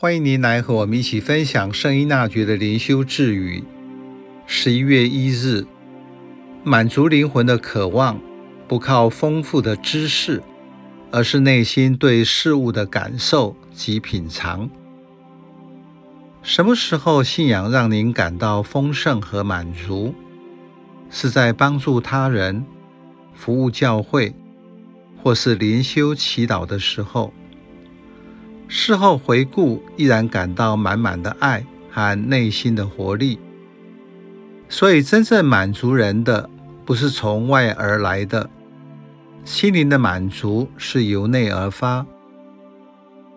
歡迎您來和我們一起分享聖依納爵的靈修智語。十一月一日，滿足靈魂的渴望，不靠豐富的知識，而是內心對事物的感受及品嘗。什麼時候信仰讓您感到豐盛和滿足？是在幫助他人、服務教會，或是靈修祈禱的時候。事後回顧，依然感到滿滿的愛和內心的活力。所以，真正滿足人的，不是從外而來的，心靈的滿足是由內而發。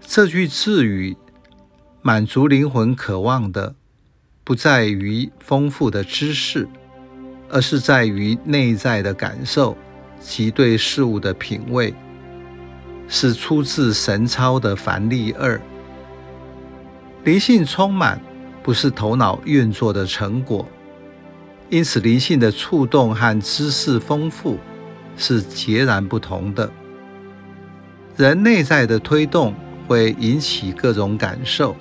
這句智語：滿足靈魂渴望的，不在於豐富的知識，而是在於內在的感受及對事物的品味。是出自神操的凡例二，靈性充滿不是頭腦運作的成果，因此靈性的觸動和知識豐富是截然不同的。人內在的推動會引起各種感受，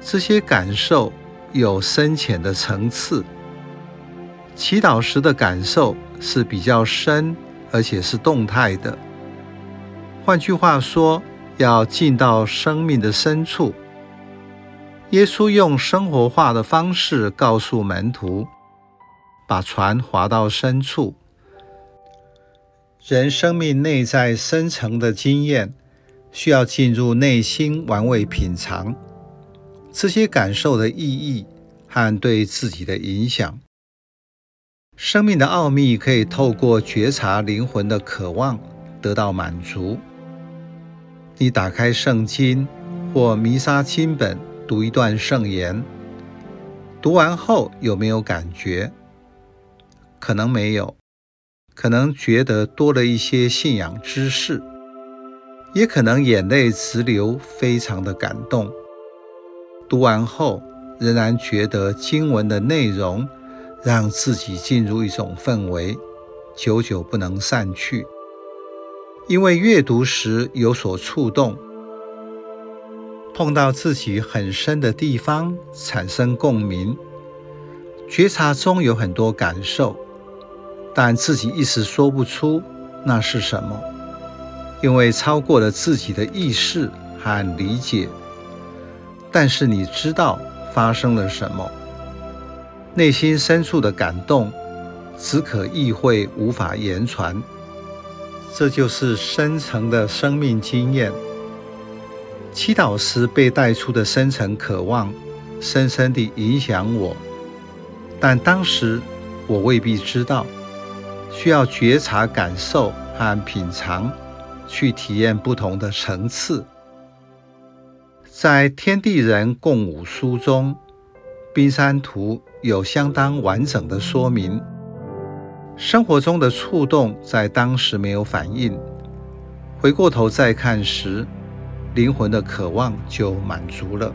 這些感受有深淺的層次。祈禱時的感受是比較深，而且是動態的。換句話說，要進到生命的深處。耶穌用生活化的方式告訴門徒：“把船划到深處。”人生命內在深層的經驗，需要進入內心玩味、品嘗這些感受的意義和對自己的影響。生命的奧秘可以透過覺察靈魂的渴望得到滿足。你打開聖經或彌撒經本，讀一段聖言，讀完後有沒有感覺？可能沒有，可能覺得多了一些信仰知識，也可能眼淚直流，非常的感動。讀完後，仍然覺得經文的內容讓自己進入一種氛圍，久久不能散去。因為閱讀時有所觸動，碰到自己很深的地方，產生共鳴。覺察中有很多感受，但自己一時說不出那是什麼，因為超過了自己的意識和理解。但是你知道發生了什麼，內心深處的感動，只可意會，無法言傳。這就是深層的生命經驗。祈禱時被帶出的深層渴望，深深地影響我，但當時我未必知道，需要覺察、感受和品嘗，去體驗不同的層次。在《天地人共舞》書中，冰山圖有相當完整的說明。生活中的觸動在當時沒有反應，回過頭再看時，靈魂的渴望就滿足了。